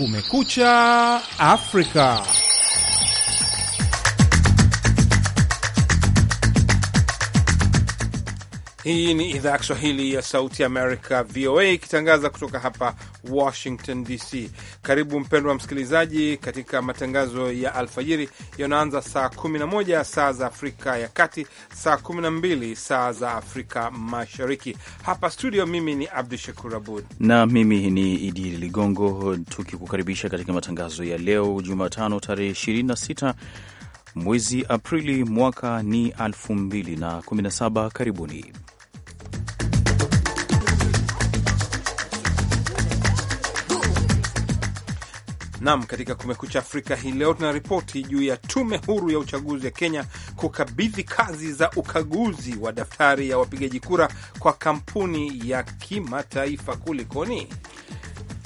Kumekucha Afrika. Hii ni idhaa ya Kiswahili ya Sauti Amerika, VOA, ikitangaza kutoka hapa Washington DC. Karibu mpendwa msikilizaji, katika matangazo ya alfajiri yanaanza saa 11 saa za Afrika ya Kati, saa 12 saa za Afrika Mashariki. Hapa studio, mimi ni Abdu Shakur Abud na mimi ni Idi Ligongo, tukikukaribisha katika matangazo ya leo Jumatano tarehe 26 mwezi Aprili, mwaka ni 2017. Karibuni. Nam, katika Kumekucha Afrika hii leo tuna ripoti juu ya tume huru ya uchaguzi ya Kenya kukabidhi kazi za ukaguzi wa daftari ya wapigaji kura kwa kampuni ya kimataifa. Kulikoni?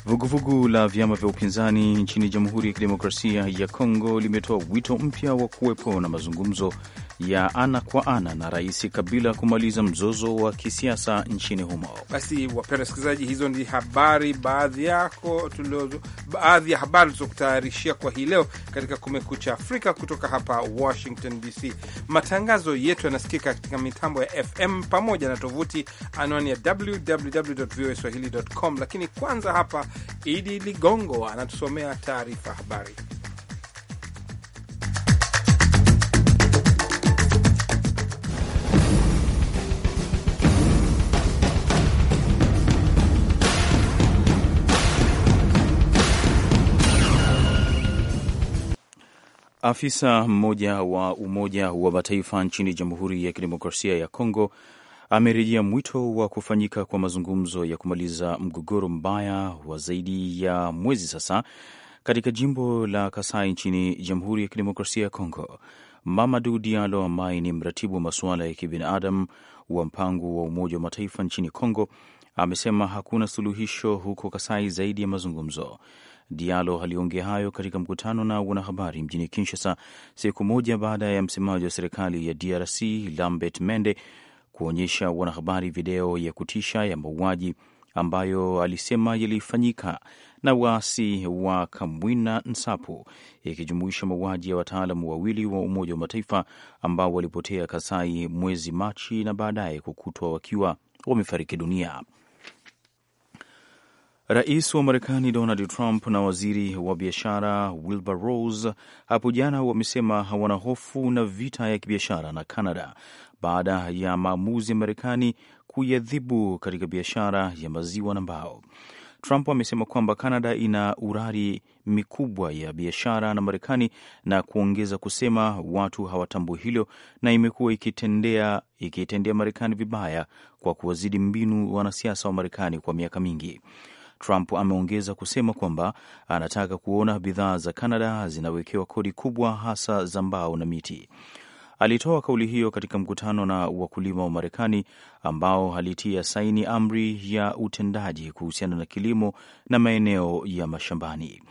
Vuguvugu la vyama vya upinzani nchini Jamhuri ya Kidemokrasia ya Kongo limetoa wito mpya wa kuwepo na mazungumzo ya ana kwa ana na Rais Kabila kumaliza mzozo wa kisiasa nchini humo. Basi wapenda wasikilizaji, hizo ni habari baadhi yako baadhi ya habari tulizokutayarishia kwa hii leo katika Kumekucha Afrika kutoka hapa Washington DC. Matangazo yetu yanasikika katika mitambo ya FM pamoja na tovuti anwani ya www voa swahili com, lakini kwanza hapa Idi Ligongo anatusomea taarifa habari. Afisa mmoja wa Umoja wa Mataifa nchini Jamhuri ya Kidemokrasia ya Kongo amerejea mwito wa kufanyika kwa mazungumzo ya kumaliza mgogoro mbaya wa zaidi ya mwezi sasa katika jimbo la Kasai nchini Jamhuri ya Kidemokrasia ya Kongo. Mamadu dialo ambaye ni mratibu wa masuala ya kibinadamu wa mpango wa Umoja wa Mataifa nchini Kongo amesema hakuna suluhisho huko Kasai zaidi ya mazungumzo. Diallo aliongea hayo katika mkutano na wanahabari mjini Kinshasa siku moja baada ya msemaji wa serikali ya DRC Lambert Mende kuonyesha wanahabari video ya kutisha ya mauaji ambayo alisema yalifanyika na waasi wa Kamwina Nsapu, ikijumuisha mauaji ya wataalamu wawili wa Umoja wa Mataifa ambao walipotea Kasai mwezi Machi na baadaye kukutwa wakiwa wamefariki dunia. Rais wa Marekani Donald Trump na waziri wa biashara Wilbur Ross hapo jana wamesema hawana hofu na vita ya kibiashara na Canada baada ya maamuzi ya Marekani kuyadhibu katika biashara ya maziwa na mbao. Trump amesema kwamba Canada ina urari mikubwa ya biashara na Marekani na kuongeza kusema watu hawatambui hilo na imekuwa ikitendea ikiitendea Marekani vibaya kwa kuwazidi mbinu wanasiasa wa Marekani kwa miaka mingi. Trump ameongeza kusema kwamba anataka kuona bidhaa za Canada zinawekewa kodi kubwa, hasa za mbao na miti. Alitoa kauli hiyo katika mkutano na wakulima wa Marekani ambao alitia saini amri ya utendaji kuhusiana na kilimo na maeneo ya mashambani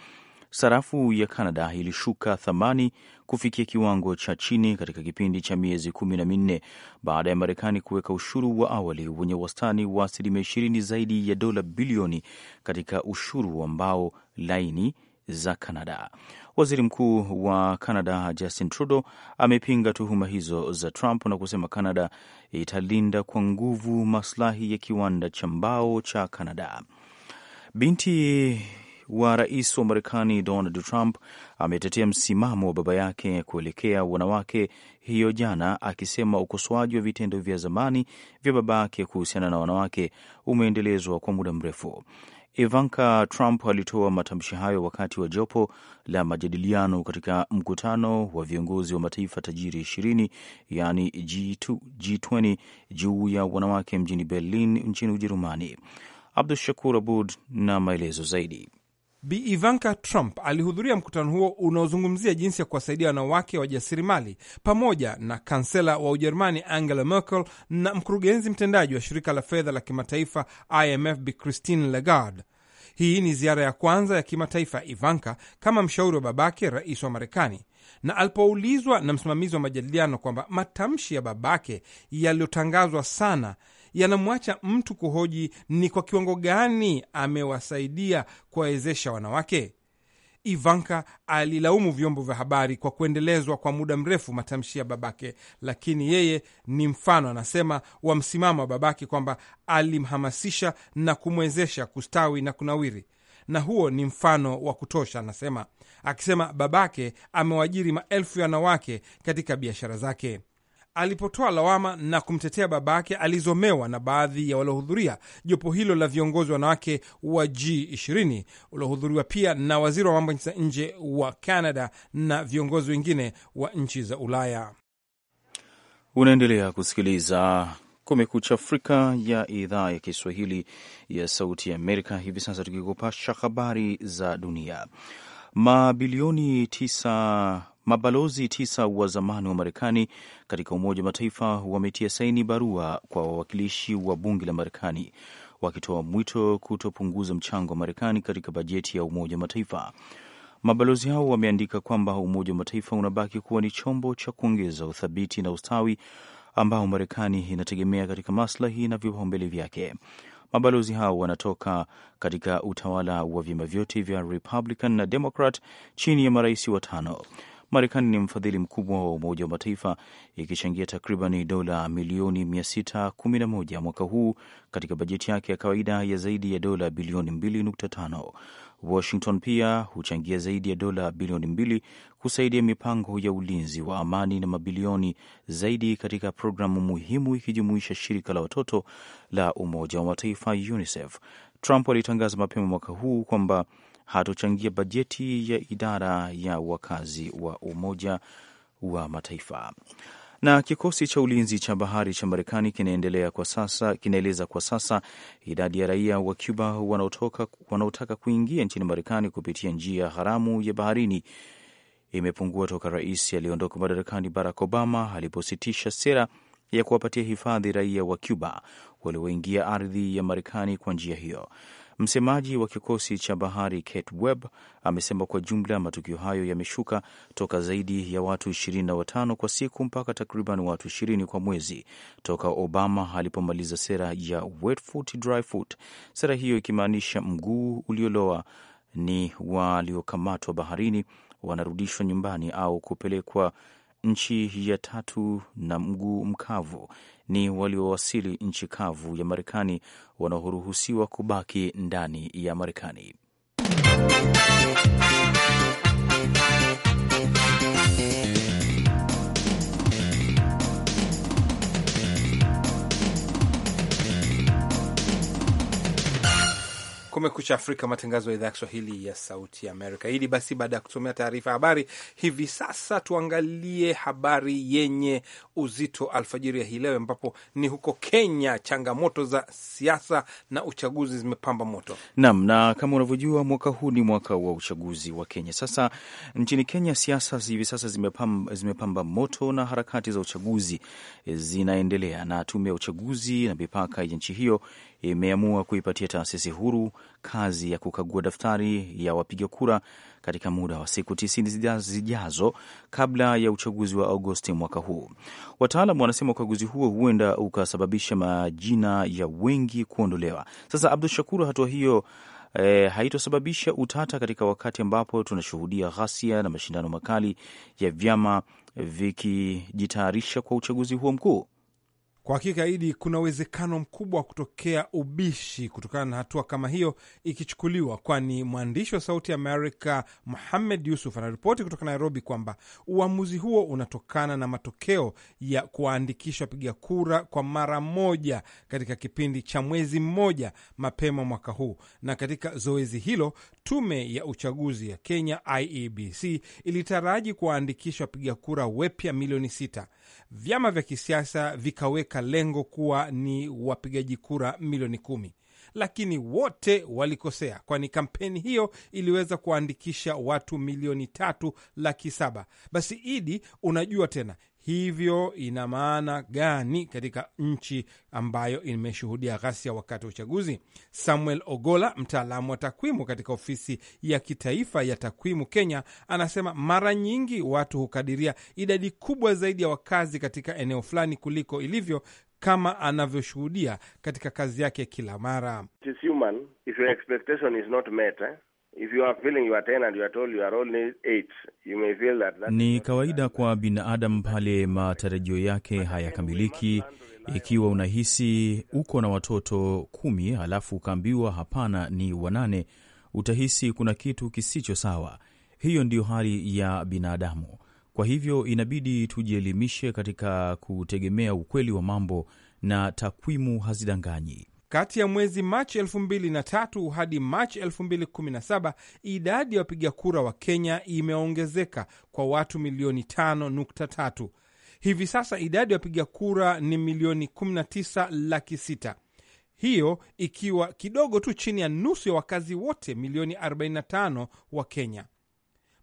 sarafu ya Canada ilishuka thamani kufikia kiwango cha chini katika kipindi cha miezi kumi na minne baada ya Marekani kuweka ushuru wa awali wenye wastani wa asilimia ishirini zaidi ya dola bilioni katika ushuru wa mbao laini za Canada. Waziri Mkuu wa Canada Justin Trudeau amepinga tuhuma hizo za Trump na kusema Canada italinda kwa nguvu maslahi ya kiwanda cha mbao cha Canada. Binti wa rais wa Marekani Donald Trump ametetea msimamo wa baba yake kuelekea wanawake hiyo jana, akisema ukosoaji wa vitendo vya zamani vya baba yake kuhusiana na wanawake umeendelezwa kwa muda mrefu. Ivanka Trump alitoa matamshi hayo wakati wa jopo la majadiliano katika mkutano wa viongozi wa mataifa tajiri ishirini yaani G2, G20 juu ya wanawake mjini Berlin nchini Ujerumani. Abdu Shakur Abud na maelezo zaidi. Bi Ivanka Trump alihudhuria mkutano huo unaozungumzia jinsi ya kuwasaidia wanawake wajasiriamali pamoja na kansela wa Ujerumani Angela Merkel na mkurugenzi mtendaji wa shirika la fedha la kimataifa IMF Bi Christine Lagarde. Hii ni ziara ya kwanza ya kimataifa Ivanka kama mshauri wa babake rais wa Marekani, na alipoulizwa na msimamizi wa majadiliano kwamba matamshi ya babake yaliyotangazwa sana yanamwacha mtu kuhoji ni kwa kiwango gani amewasaidia kuwawezesha wanawake. Ivanka alilaumu vyombo vya habari kwa kuendelezwa kwa muda mrefu matamshi ya babake, lakini yeye ni mfano, anasema, wa msimamo wa babake kwamba alimhamasisha na kumwezesha kustawi na kunawiri, na huo ni mfano wa kutosha, anasema, akisema babake amewajiri maelfu ya wanawake katika biashara zake alipotoa lawama na kumtetea babake, alizomewa na baadhi ya waliohudhuria jopo hilo la viongozi wanawake wa G20 waliohudhuriwa pia na waziri wa mambo za nje wa Canada na viongozi wengine wa nchi za Ulaya. Unaendelea kusikiliza Kumekucha Afrika ya idhaa ya Kiswahili ya Sauti ya Amerika. Hivi sasa tukikupasha habari za dunia. Mabilioni tisa Mabalozi tisa wa zamani wa Marekani katika Umoja wa Mataifa wametia saini barua kwa wawakilishi wa bunge la Marekani wakitoa mwito kutopunguza mchango wa Marekani katika bajeti ya Umoja wa Mataifa. Mabalozi hao wameandika kwamba Umoja wa Mataifa unabaki kuwa ni chombo cha kuongeza uthabiti na ustawi ambao Marekani inategemea katika maslahi na vipaumbele vyake. Mabalozi hao wanatoka katika utawala wa vyama vyote vya Republican na Democrat chini ya marais watano. Marekani ni mfadhili mkubwa wa Umoja wa Mataifa ikichangia takribani dola milioni 611 mwaka huu katika bajeti yake ya kawaida ya zaidi ya dola bilioni 2.5. Washington pia huchangia zaidi ya dola bilioni mbili kusaidia mipango ya ulinzi wa amani na mabilioni zaidi katika programu muhimu ikijumuisha shirika la watoto la Umoja wa Mataifa UNICEF. Trump alitangaza mapema mwaka huu kwamba hatuchangia bajeti ya idara ya wakazi wa Umoja wa Mataifa. Na kikosi cha ulinzi cha bahari cha Marekani kinaendelea kwa sasa, kinaeleza kwa sasa idadi ya raia wa Cuba wanaotoka, wanaotaka kuingia nchini Marekani kupitia njia haramu ya baharini imepungua toka rais aliyeondoka madarakani Barack Obama alipositisha sera ya kuwapatia hifadhi raia wa Cuba walioingia ardhi ya Marekani kwa njia hiyo. Msemaji wa kikosi cha bahari Kate Webb amesema kwa jumla matukio hayo yameshuka toka zaidi ya watu 25 kwa siku mpaka takriban watu 20 kwa mwezi toka Obama alipomaliza sera ya wet foot, dry foot, sera hiyo ikimaanisha mguu ulioloa ni waliokamatwa baharini wanarudishwa nyumbani au kupelekwa nchi ya tatu na mguu mkavu ni waliowasili nchi kavu ya Marekani wanaoruhusiwa kubaki ndani ya Marekani. Kumekucha Afrika, matangazo ya idhaa ya Kiswahili ya Sauti Amerika. Hili basi, baada ya kutumia taarifa ya habari hivi sasa, tuangalie habari yenye uzito alfajiri ya hii leo, ambapo ni huko Kenya. Changamoto za siasa na uchaguzi zimepamba moto nam, na kama unavyojua mwaka huu ni mwaka wa uchaguzi wa Kenya. Sasa nchini Kenya siasa hivi sasa zimepamba, zimepamba moto na harakati za uchaguzi zinaendelea, na tume ya uchaguzi na mipaka ya nchi hiyo imeamua kuipatia taasisi huru kazi ya kukagua daftari ya wapiga kura katika muda wa siku tisini zijazo kabla ya uchaguzi wa Agosti mwaka huu. Wataalam wanasema ukaguzi huo huenda ukasababisha majina ya wengi kuondolewa. Sasa Abdu Shakur, hatua hiyo E, haitosababisha utata katika wakati ambapo tunashuhudia ghasia na mashindano makali ya vyama vikijitayarisha kwa uchaguzi huo mkuu? Kwa hakika Idi, kuna uwezekano mkubwa wa kutokea ubishi kutokana na hatua kama hiyo ikichukuliwa, kwani mwandishi wa Sauti ya Amerika Muhamed Yusuf anaripoti kutoka Nairobi kwamba uamuzi huo unatokana na matokeo ya kuwaandikisha wapiga kura kwa mara moja katika kipindi cha mwezi mmoja mapema mwaka huu. Na katika zoezi hilo, tume ya uchaguzi ya Kenya IEBC ilitaraji kuwaandikisha wapiga kura wapya milioni sita. Vyama vya kisiasa vikaweka waliweka lengo kuwa ni wapigaji kura milioni kumi lakini wote walikosea, kwani kampeni hiyo iliweza kuwaandikisha watu milioni tatu laki saba. Basi Idi, unajua tena hivyo ina maana gani katika nchi ambayo imeshuhudia ghasia wakati wa uchaguzi? Samuel Ogola, mtaalamu wa takwimu katika ofisi ya kitaifa ya takwimu Kenya, anasema mara nyingi watu hukadiria idadi kubwa zaidi ya wakazi katika eneo fulani kuliko ilivyo kama anavyoshuhudia katika kazi yake kila mara. It is human if your expectation is not met, eh? Ni kawaida kwa binadamu pale matarajio yake hayakamiliki. Ikiwa unahisi uko na watoto kumi alafu ukaambiwa hapana, ni wanane, utahisi kuna kitu kisicho sawa. Hiyo ndiyo hali ya binadamu. Kwa hivyo inabidi tujielimishe katika kutegemea ukweli wa mambo, na takwimu hazidanganyi. Kati ya mwezi Machi 2003 hadi Machi 2017 idadi ya wapiga kura wa Kenya imeongezeka kwa watu milioni 5.3. Hivi sasa idadi ya wapiga kura ni milioni 19 laki 6, hiyo ikiwa kidogo tu chini ya nusu ya wakazi wote milioni 45 wa Kenya.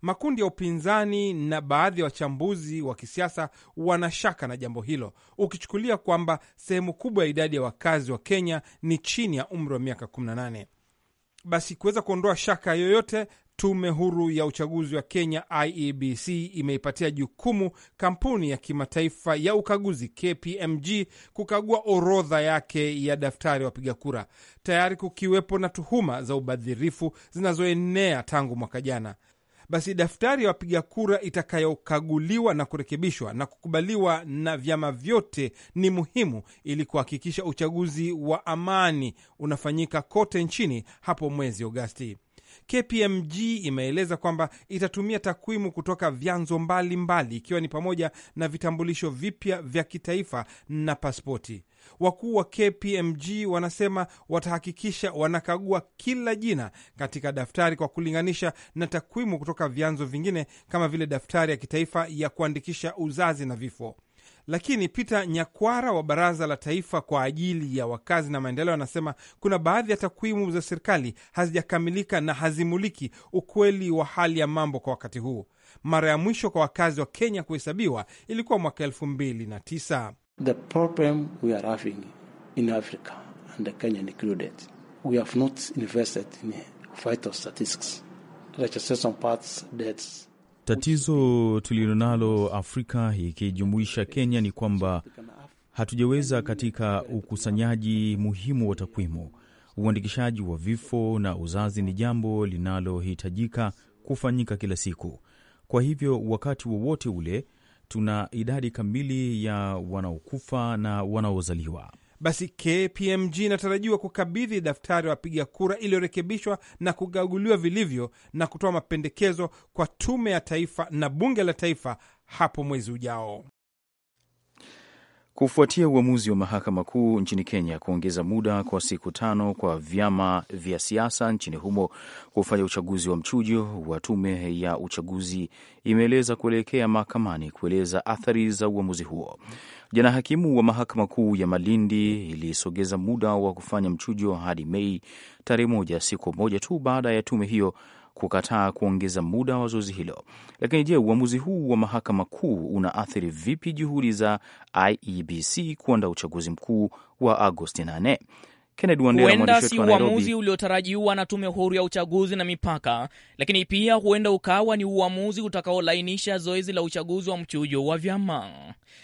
Makundi ya upinzani na baadhi ya wachambuzi wa kisiasa wanashaka na jambo hilo, ukichukulia kwamba sehemu kubwa ya idadi ya wakazi wa Kenya ni chini ya umri wa miaka 18. Basi kuweza kuondoa shaka yoyote Tume huru ya uchaguzi wa Kenya IEBC imeipatia jukumu kampuni ya kimataifa ya ukaguzi KPMG kukagua orodha yake ya daftari wapiga kura, tayari kukiwepo na tuhuma za ubadhirifu zinazoenea tangu mwaka jana basi daftari ya wa wapiga kura itakayokaguliwa na kurekebishwa na kukubaliwa na vyama vyote ni muhimu ili kuhakikisha uchaguzi wa amani unafanyika kote nchini hapo mwezi Agosti. KPMG imeeleza kwamba itatumia takwimu kutoka vyanzo mbalimbali ikiwa ni pamoja na vitambulisho vipya vya kitaifa na pasipoti. Wakuu wa KPMG wanasema watahakikisha wanakagua kila jina katika daftari kwa kulinganisha na takwimu kutoka vyanzo vingine kama vile daftari ya kitaifa ya kuandikisha uzazi na vifo. Lakini Peter Nyakwara wa Baraza la Taifa kwa ajili ya Wakazi na Maendeleo anasema kuna baadhi ya takwimu za serikali hazijakamilika na hazimuliki ukweli wa hali ya mambo kwa wakati huu. Mara ya mwisho kwa wakazi wa Kenya kuhesabiwa ilikuwa mwaka elfu mbili na tisa. In Tatizo tulilonalo Afrika ikijumuisha Kenya ni kwamba hatujaweza katika ukusanyaji muhimu wa takwimu. Uandikishaji wa vifo na uzazi ni jambo linalohitajika kufanyika kila siku. Kwa hivyo wakati wowote wa ule tuna idadi kamili ya wanaokufa na wanaozaliwa. Basi KPMG inatarajiwa kukabidhi daftari wapiga kura iliyorekebishwa na kugaguliwa vilivyo na kutoa mapendekezo kwa tume ya taifa na bunge la taifa hapo mwezi ujao. Kufuatia uamuzi wa mahakama kuu nchini Kenya kuongeza muda kwa siku tano kwa vyama vya siasa nchini humo kufanya uchaguzi wa mchujo wa tume ya uchaguzi imeeleza kuelekea mahakamani kueleza athari za uamuzi huo. Jana hakimu wa mahakama kuu ya Malindi ilisogeza muda wa kufanya mchujo hadi Mei tarehe moja, siku moja tu baada ya tume hiyo kukataa kuongeza muda wa zoezi hilo. Lakini je, uamuzi huu wa mahakama kuu unaathiri vipi juhudi za IEBC kuandaa uchaguzi mkuu wa Agosti 8? huenda si uamuzi uliotarajiwa na tume huru ya uchaguzi na mipaka, lakini pia huenda ukawa ni uamuzi utakaolainisha zoezi la uchaguzi wa mchujo wa vyama.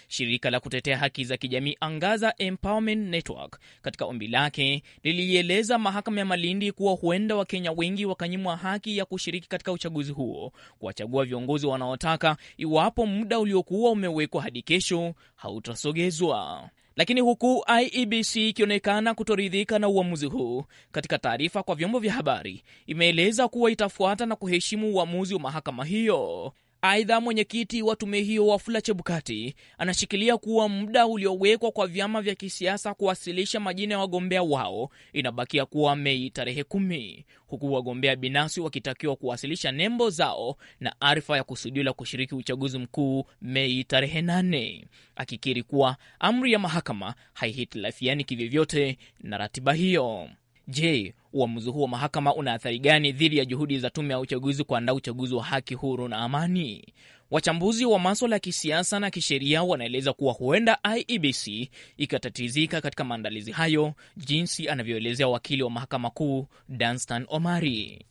Shirika la kutetea haki za kijamii Angaza Empowerment Network katika ombi lake lilieleza mahakama ya Malindi kuwa huenda Wakenya wengi wakanyimwa haki ya kushiriki katika uchaguzi huo, kuwachagua viongozi wanaotaka, iwapo muda uliokuwa umewekwa hadi kesho hautasogezwa. Lakini huku IEBC ikionekana kutoridhika na uamuzi huu, katika taarifa kwa vyombo vya habari imeeleza kuwa itafuata na kuheshimu uamuzi wa mahakama hiyo. Aidha, mwenyekiti wa tume hiyo Wafula Chebukati anashikilia kuwa muda uliowekwa kwa vyama vya kisiasa kuwasilisha majina ya wagombea wao inabakia kuwa Mei tarehe kumi, huku wagombea binafsi wakitakiwa kuwasilisha nembo zao na arifa ya kusudio la kushiriki uchaguzi mkuu Mei tarehe nane, akikiri kuwa amri ya mahakama haihitilafiani kivyovyote na ratiba hiyo. Je, uamuzi huu wa mahakama una athari gani dhidi ya juhudi za tume ya uchaguzi kuandaa uchaguzi wa haki, huru na amani? Wachambuzi wa maswala ya kisiasa na kisheria wanaeleza kuwa huenda IEBC ikatatizika katika maandalizi hayo, jinsi anavyoelezea wakili wa mahakama kuu Danstan Omari.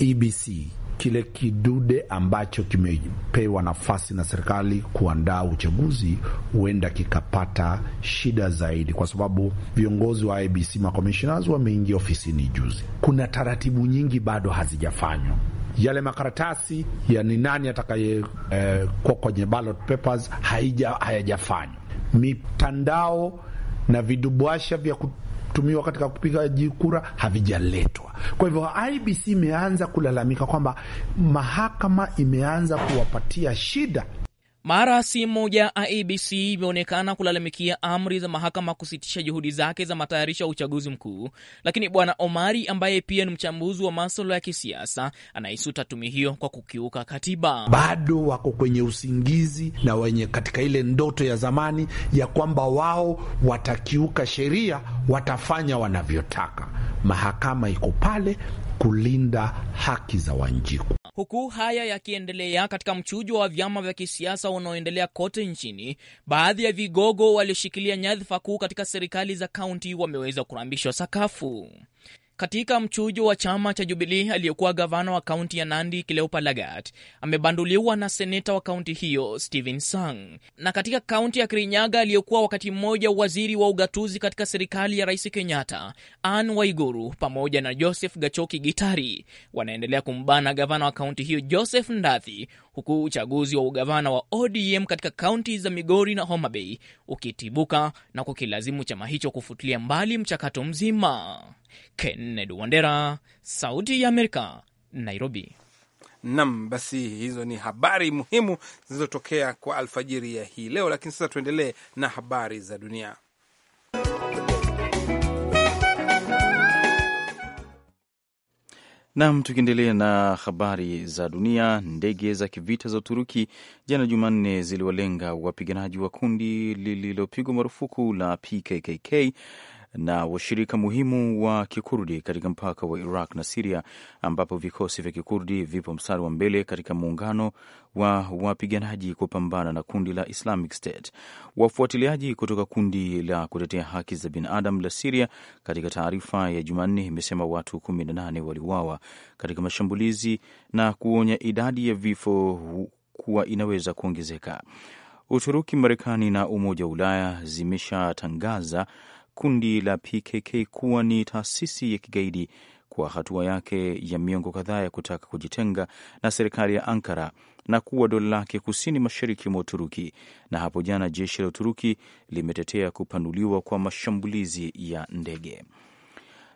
IEBC kile kidude ambacho kimepewa nafasi na serikali kuandaa uchaguzi huenda kikapata shida zaidi, kwa sababu viongozi wa IBC makomishonaz wameingia ofisini juzi. Kuna taratibu nyingi bado hazijafanywa yale makaratasi ya ni nani atakaye eh, kwa kwenye ballot papers haija hayajafanywa. Mitandao na vidubwasha vya kutumiwa katika kupigaji kura havijaletwa. Kwa hivyo IBC imeanza kulalamika kwamba mahakama imeanza kuwapatia shida mara simu moja IEBC imeonekana kulalamikia amri za mahakama kusitisha juhudi zake za matayarisho ya uchaguzi mkuu, lakini Bwana Omari ambaye pia ni mchambuzi wa maswala ya kisiasa anaisuta tume hiyo kwa kukiuka katiba. Bado wako kwenye usingizi na wenye katika ile ndoto ya zamani ya kwamba wao watakiuka sheria, watafanya wanavyotaka. Mahakama iko pale kulinda haki za Wanjiku. Huku haya yakiendelea katika mchujo wa vyama vya kisiasa unaoendelea kote nchini, baadhi ya vigogo walioshikilia nyadhifa kuu katika serikali za kaunti wameweza kurambishwa sakafu. Katika mchujo wa chama cha Jubilii, aliyekuwa gavana wa kaunti ya Nandi Cleopa Lagat amebanduliwa na seneta wa kaunti hiyo Stephen Sang, na katika kaunti ya Kirinyaga aliyekuwa wakati mmoja waziri wa ugatuzi katika serikali ya Rais Kenyatta an Waiguru pamoja na Joseph Gachoki Gitari wanaendelea kumbana gavana wa kaunti hiyo Joseph Ndathi, huku uchaguzi wa ugavana wa ODM katika kaunti za Migori na Homa Bay ukitibuka na kukilazimu chama hicho kufutilia mbali mchakato mzima. Kennedy Wandera, Sauti ya Amerika, Nairobi. Nam, basi hizo ni habari muhimu zilizotokea kwa alfajiri ya hii leo, lakini sasa tuendelee na habari za dunia. Nam, tukiendelea na habari za dunia, ndege za kivita za Uturuki jana Jumanne ziliwalenga wapiganaji wa kundi lililopigwa marufuku la pkkk na washirika muhimu wa kikurdi katika mpaka wa Iraq na Siria, ambapo vikosi vya kikurdi vipo mstari wa mbele katika muungano wa wapiganaji kupambana na kundi la Islamic State. Wafuatiliaji kutoka kundi la kutetea haki za binadamu la Siria katika taarifa ya Jumanne imesema watu 18 waliuawa katika mashambulizi na kuonya idadi ya vifo kuwa inaweza kuongezeka. Uturuki, Marekani na Umoja wa Ulaya zimeshatangaza kundi la PKK kuwa ni taasisi ya kigaidi kwa hatua yake ya miongo kadhaa ya kutaka kujitenga na serikali ya Ankara na kuwa dola lake kusini mashariki mwa Uturuki. Na hapo jana jeshi la Uturuki limetetea kupanuliwa kwa mashambulizi ya ndege.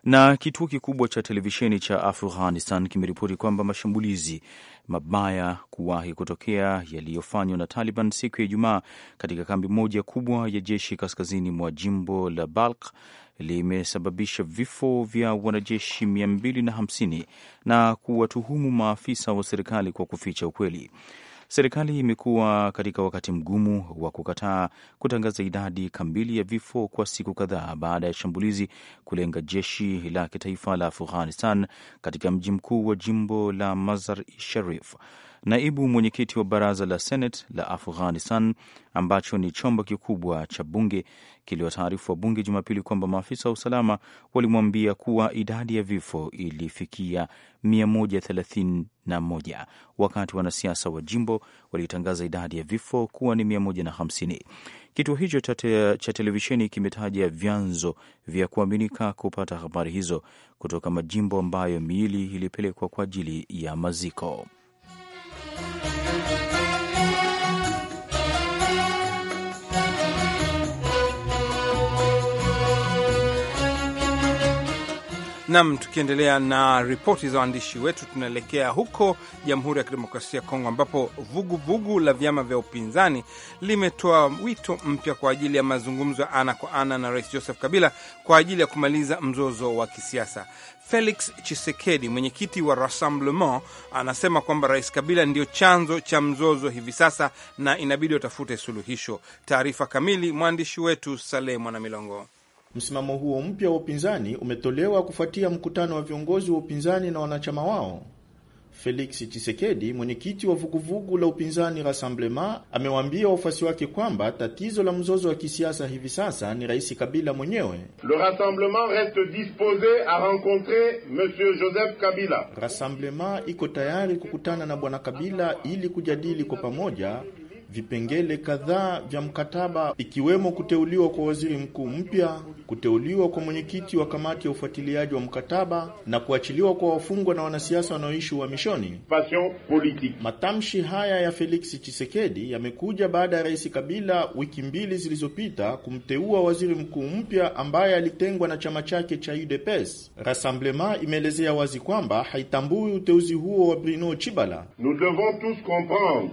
Na kituo kikubwa cha televisheni cha Afghanistan kimeripoti kwamba mashambulizi mabaya kuwahi kutokea yaliyofanywa na Taliban siku ya Ijumaa katika kambi moja kubwa ya jeshi kaskazini mwa jimbo la Balkh limesababisha vifo vya wanajeshi 250 na kuwatuhumu maafisa wa serikali kwa kuficha ukweli. Serikali imekuwa katika wakati mgumu wa kukataa kutangaza idadi kamili ya vifo kwa siku kadhaa baada ya shambulizi kulenga jeshi la kitaifa la Afghanistan katika mji mkuu wa jimbo la Mazar-i Sharif. Naibu mwenyekiti wa baraza la Senate la Afghanistan, ambacho ni chombo kikubwa cha bunge, kiliwataarifu bunge Jumapili kwamba maafisa wa usalama walimwambia kuwa idadi ya vifo ilifikia 131 wakati wanasiasa wa jimbo walitangaza idadi ya vifo kuwa ni 150. Kituo hicho cha televisheni kimetaja vyanzo vya kuaminika kupata habari hizo kutoka majimbo ambayo miili ilipelekwa kwa ajili ya maziko. Nam, tukiendelea na ripoti za waandishi wetu, tunaelekea huko Jamhuri ya Kidemokrasia ya Kongo ambapo vuguvugu vugu la vyama vya upinzani limetoa wito mpya kwa ajili ya mazungumzo ya ana kwa ana na Rais Joseph Kabila kwa ajili ya kumaliza mzozo wa kisiasa. Felix Chisekedi, mwenyekiti wa Rassemblement, anasema kwamba Rais Kabila ndio chanzo cha mzozo hivi sasa na inabidi watafute suluhisho. Taarifa kamili mwandishi wetu Saleh Mwanamilongo. Msimamo huo mpya wa upinzani umetolewa kufuatia mkutano wa viongozi wa upinzani na wanachama wao Felix Chisekedi, mwenyekiti wa vuguvugu la upinzani Rassemblement, amewaambia wafuasi wake kwamba tatizo la mzozo wa kisiasa hivi sasa ni Rais Kabila mwenyewe. Le Rassemblement reste dispose a rencontrer Monsieur Joseph Kabila. Rassemblement iko tayari kukutana na Bwana Kabila ili kujadili kwa pamoja vipengele kadhaa vya mkataba ikiwemo kuteuliwa kwa waziri mkuu mpya, kuteuliwa kwa mwenyekiti wa kamati ya ufuatiliaji wa mkataba na kuachiliwa kwa wafungwa na wanasiasa wanaoishi uhamishoni. Matamshi haya ya Felix chisekedi yamekuja baada ya Rais Kabila wiki mbili zilizopita kumteua waziri mkuu mpya ambaye alitengwa na chama chake cha UDPS. Rassemblement imeelezea wazi kwamba haitambui uteuzi huo wa Bruno Chibala. Nous devons tous comprendre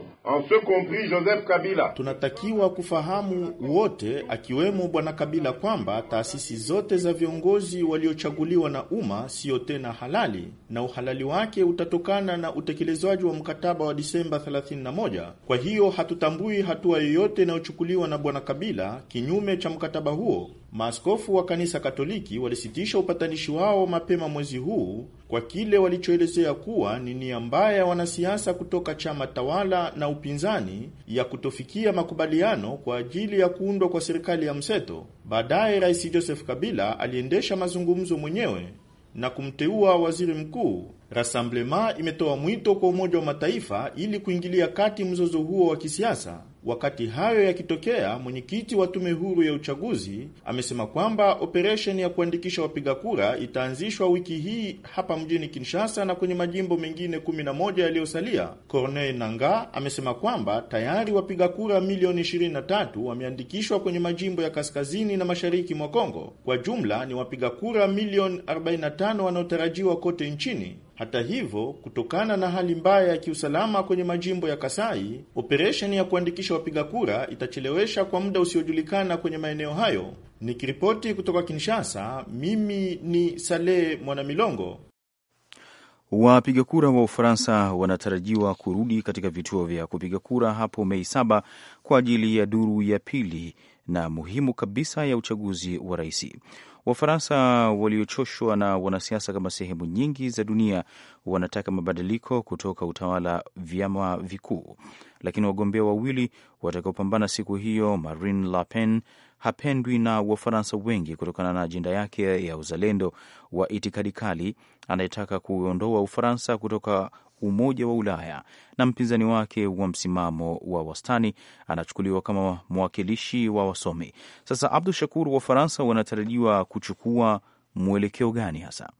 Joseph Kabila. Tunatakiwa kufahamu wote akiwemo bwana Kabila kwamba taasisi zote za viongozi waliochaguliwa na umma siyo tena halali na uhalali wake utatokana na utekelezwaji wa mkataba wa Disemba 31. Kwa hiyo hatutambui hatua yoyote inayochukuliwa na bwana Kabila kinyume cha mkataba huo maaskofu wa kanisa Katoliki walisitisha upatanishi wao mapema mwezi huu kwa kile walichoelezea kuwa ni nia mbaya ya wanasiasa kutoka chama tawala na upinzani ya kutofikia makubaliano kwa ajili ya kuundwa kwa serikali ya mseto. Baadaye Rais Joseph Kabila aliendesha mazungumzo mwenyewe na kumteua waziri mkuu. Rassemblement imetoa mwito kwa Umoja wa Mataifa ili kuingilia kati mzozo huo wa kisiasa. Wakati hayo yakitokea, mwenyekiti wa tume huru ya uchaguzi amesema kwamba operesheni ya kuandikisha wapiga kura itaanzishwa wiki hii hapa mjini Kinshasa na kwenye majimbo mengine 11 yaliyosalia. Corneille Nanga amesema kwamba tayari wapiga kura milioni 23 wameandikishwa kwenye majimbo ya kaskazini na mashariki mwa Kongo. Kwa jumla ni wapiga kura milioni 45 wanaotarajiwa kote nchini. Hata hivyo, kutokana na hali mbaya ya kiusalama kwenye majimbo ya Kasai, operesheni ya kuandikisha wapiga kura itachelewesha kwa muda usiojulikana kwenye maeneo hayo. Nikiripoti kutoka Kinshasa, mimi ni Saleh Mwanamilongo. Wapiga kura wa Ufaransa wanatarajiwa kurudi katika vituo vya kupiga kura hapo Mei saba kwa ajili ya duru ya pili na muhimu kabisa ya uchaguzi wa rais. Wafaransa waliochoshwa na wanasiasa kama sehemu nyingi za dunia wanataka mabadiliko kutoka utawala vyama vikuu, lakini wagombea wawili watakaopambana siku hiyo, Marine Le Pen hapendwi na Wafaransa wengi kutokana na ajenda yake ya uzalendo wa itikadi kali anayetaka kuondoa Ufaransa kutoka Umoja wa Ulaya na mpinzani wake wa msimamo wa wastani anachukuliwa kama mwakilishi wa wasomi. Sasa Abdu Shakur, Wafaransa wanatarajiwa kuchukua mwelekeo gani hasa?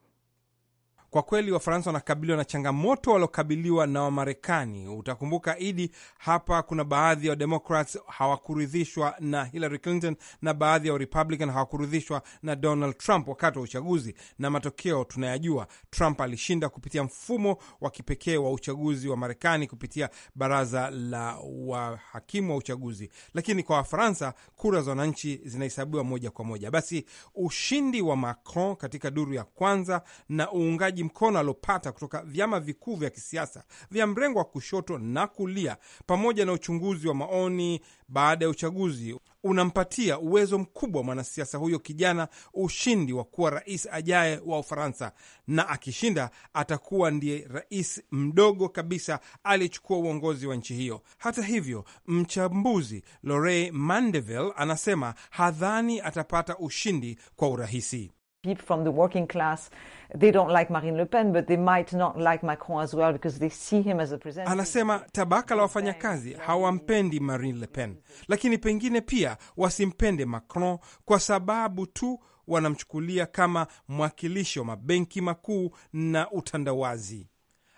Kwa kweli Wafaransa wanakabiliwa na changamoto waliokabiliwa na Wamarekani. Utakumbuka Idi, hapa kuna baadhi ya wa Wademokrats hawakuridhishwa na Hillary Clinton na baadhi ya wa Warepublican hawakuridhishwa na Donald Trump wakati wa uchaguzi, na matokeo tunayajua. Trump alishinda kupitia mfumo wa kipekee wa uchaguzi wa Marekani kupitia baraza la wahakimu wa uchaguzi, lakini kwa Wafaransa kura za wananchi zinahesabiwa moja kwa moja. Basi ushindi wa Macron katika duru ya kwanza na uungaji uungaji mkono aliopata kutoka vyama vikuu vya kisiasa vya mrengo wa kushoto na kulia, pamoja na uchunguzi wa maoni baada ya uchaguzi, unampatia uwezo mkubwa wa mwanasiasa huyo kijana ushindi wa kuwa rais ajaye wa Ufaransa, na akishinda atakuwa ndiye rais mdogo kabisa aliyechukua uongozi wa nchi hiyo. Hata hivyo, mchambuzi Lorey Mandeville anasema hadhani atapata ushindi kwa urahisi people from the working class, they don't like Marine Le Pen, but they might not like Macron as well because they see him as a president. Anasema tabaka la wafanyakazi hawampendi Marine Le Pen, lakini pengine pia wasimpende Macron kwa sababu tu wanamchukulia kama mwakilishi wa mabenki makuu na utandawazi.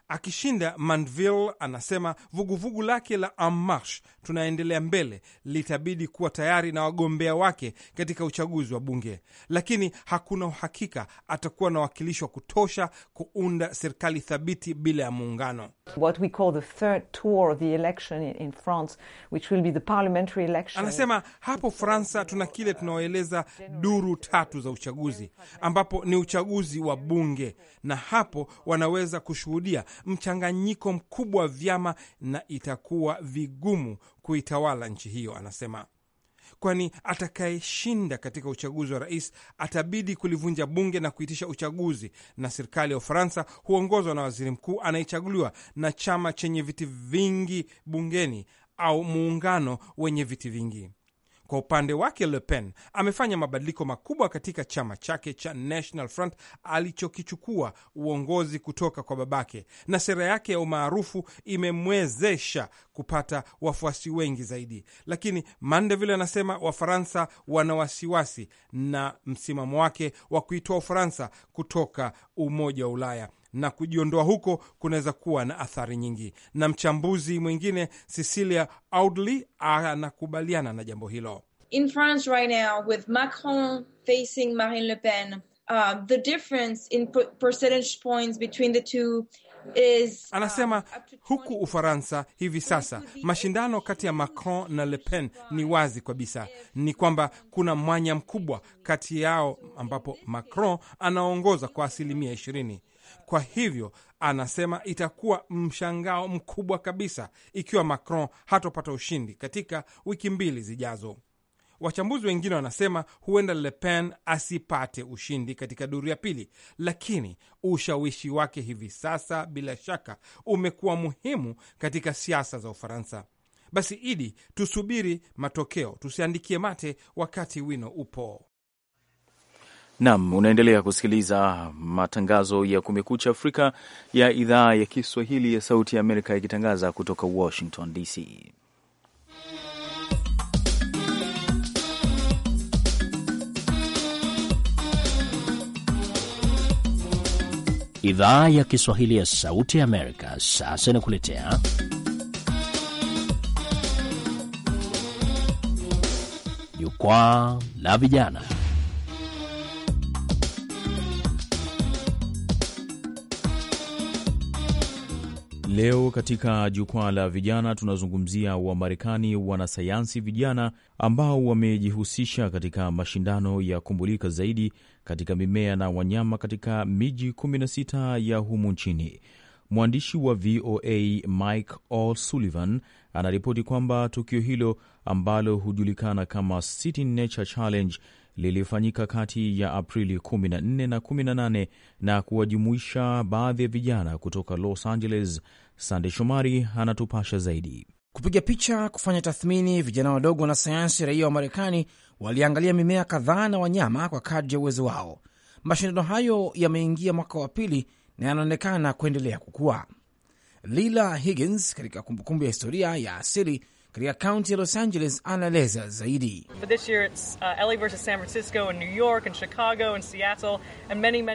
Akishinda, Mandeville anasema vuguvugu lake la En tunaendelea mbele, litabidi kuwa tayari na wagombea wake katika uchaguzi wa bunge, lakini hakuna uhakika atakuwa na wakilishi wa kutosha kuunda serikali thabiti bila ya muungano. Anasema hapo Fransa tuna kile tunaoeleza duru tatu za uchaguzi, ambapo ni uchaguzi wa bunge, na hapo wanaweza kushuhudia mchanganyiko mkubwa wa vyama na itakuwa vigumu kuitawala nchi hiyo, anasema kwani atakayeshinda katika uchaguzi wa rais atabidi kulivunja bunge na kuitisha uchaguzi, na serikali ya Ufaransa huongozwa na waziri mkuu anayechaguliwa na chama chenye viti vingi bungeni au muungano wenye viti vingi. Kwa upande wake, Le Pen amefanya mabadiliko makubwa katika chama chake cha National Front alichokichukua uongozi kutoka kwa babake, na sera yake ya umaarufu imemwezesha kupata wafuasi wengi zaidi. Lakini Mandeville anasema Wafaransa wana wasiwasi na msimamo wake wa kuitoa Ufaransa kutoka Umoja wa Ulaya na kujiondoa huko kunaweza kuwa na athari nyingi. Na mchambuzi mwingine Cecilia Audley anakubaliana na jambo hilo. In France right now with Macron facing Marine Le Pen Uh, the difference in percentage points between the two is, uh, anasema huku Ufaransa hivi sasa mashindano kati ya Macron na Le Pen ni wazi kabisa, ni kwamba kuna mwanya mkubwa kati yao ambapo Macron anaongoza kwa asilimia ishirini. Kwa hivyo anasema itakuwa mshangao mkubwa kabisa ikiwa Macron hatopata ushindi katika wiki mbili zijazo. Wachambuzi wengine wanasema huenda Le Pen asipate ushindi katika duru ya pili, lakini ushawishi wake hivi sasa bila shaka umekuwa muhimu katika siasa za Ufaransa. Basi Idi, tusubiri matokeo, tusiandikie mate wakati wino upo. Nam, unaendelea kusikiliza matangazo ya Kumekucha Afrika ya idhaa ya Kiswahili ya Sauti ya Amerika ikitangaza kutoka Washington DC. Idhaa ya Kiswahili ya Sauti ya Amerika sasa inakuletea jukwaa la vijana Leo katika jukwaa la vijana tunazungumzia Wamarekani wanasayansi vijana ambao wamejihusisha katika mashindano ya kumbulika zaidi katika mimea na wanyama katika miji 16 ya humu nchini. Mwandishi wa VOA Mike O'Sullivan anaripoti kwamba tukio hilo ambalo hujulikana kama City Nature Challenge lilifanyika kati ya Aprili 14 na 18 na kuwajumuisha baadhi ya vijana kutoka Los Angeles. Sande Shomari anatupasha zaidi. Kupiga picha, kufanya tathmini, vijana wadogo wanasayansi raia wa Marekani waliangalia mimea kadhaa na wanyama kwa kadri ya uwezo wao. Mashindano hayo yameingia mwaka wa pili na yanaonekana kuendelea kukua. Lila Higgins katika kumbukumbu ya historia ya asili katika kaunti ya Los Angeles anaeleza zaidi. Uh,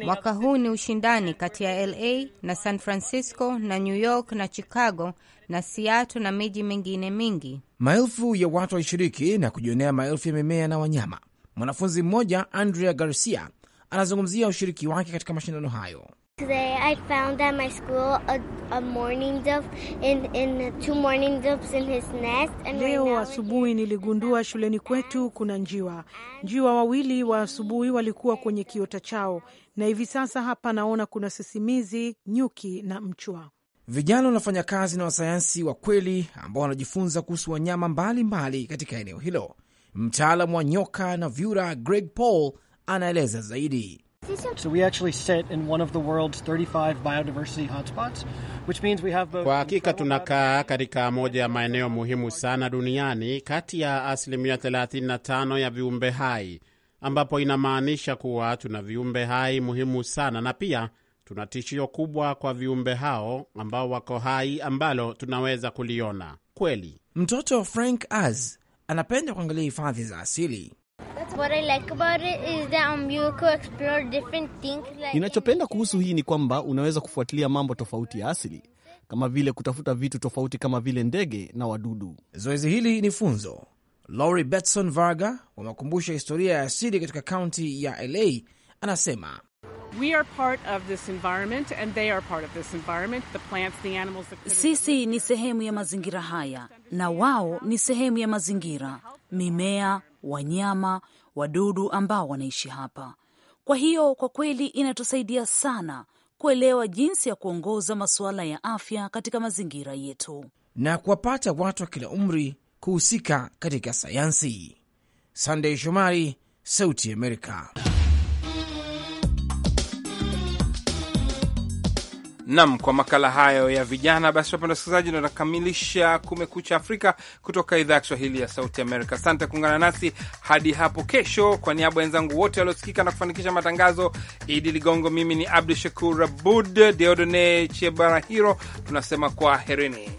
Mwaka huu ni ushindani kati ya LA na San Francisco na New York na Chicago na Seattle na miji mingine mingi. Maelfu ya watu walishiriki na kujionea maelfu ya mimea na wanyama. Mwanafunzi mmoja Andrea Garcia anazungumzia ushiriki wake katika mashindano hayo. Today I found at my school a, a morning dove in, in two morning doves in his nest and Leo right asubuhi niligundua shuleni kwetu kuna njiwa. Njiwa wawili wa asubuhi walikuwa kwenye kiota chao na hivi sasa hapa naona kuna sisimizi, nyuki na mchwa. Vijana wanafanya kazi na wasayansi wa kweli ambao wanajifunza kuhusu wanyama mbalimbali katika eneo hilo. Mtaalamu wa nyoka na vyura Greg Paul anaeleza zaidi. So we actually sit in one of the world's 35 biodiversity hotspots, which means we have both. Kwa hakika tunakaa katika moja ya maeneo muhimu sana duniani kati ya asilimia 35 ya viumbe hai, ambapo inamaanisha kuwa tuna viumbe hai muhimu sana na pia tuna tishio kubwa kwa viumbe hao ambao wako hai ambalo tunaweza kuliona kweli. Mtoto Frank Az anapenda kuangalia hifadhi za asili What I like about it is that um, you can explore different things like... Ninachopenda kuhusu hii ni kwamba unaweza kufuatilia mambo tofauti ya asili kama vile kutafuta vitu tofauti kama vile ndege na wadudu. Zoezi hili ni funzo. Lori Betson Varga wamewakumbusha historia ya asili katika kaunti ya LA, anasema sisi ni sehemu ya mazingira haya na wao ni sehemu ya mazingira. Mimea, wanyama, wadudu ambao wanaishi hapa. Kwa hiyo kwa kweli inatusaidia sana kuelewa jinsi ya kuongoza masuala ya afya katika mazingira yetu na kuwapata watu wa kila umri kuhusika katika sayansi. Sandey Shomari, Sauti Amerika. Nam, kwa makala hayo ya vijana. Basi wapenda wasikilizaji, ndo nakamilisha Kumekucha Afrika kutoka idhaa ya Kiswahili ya Sauti Amerika. Asante kuungana nasi hadi hapo kesho. Kwa niaba ya wenzangu wote waliosikika na kufanikisha matangazo, Idi Ligongo, mimi ni Abdu Shakur Abud, Deodone Chebarahiro, tunasema kwa herini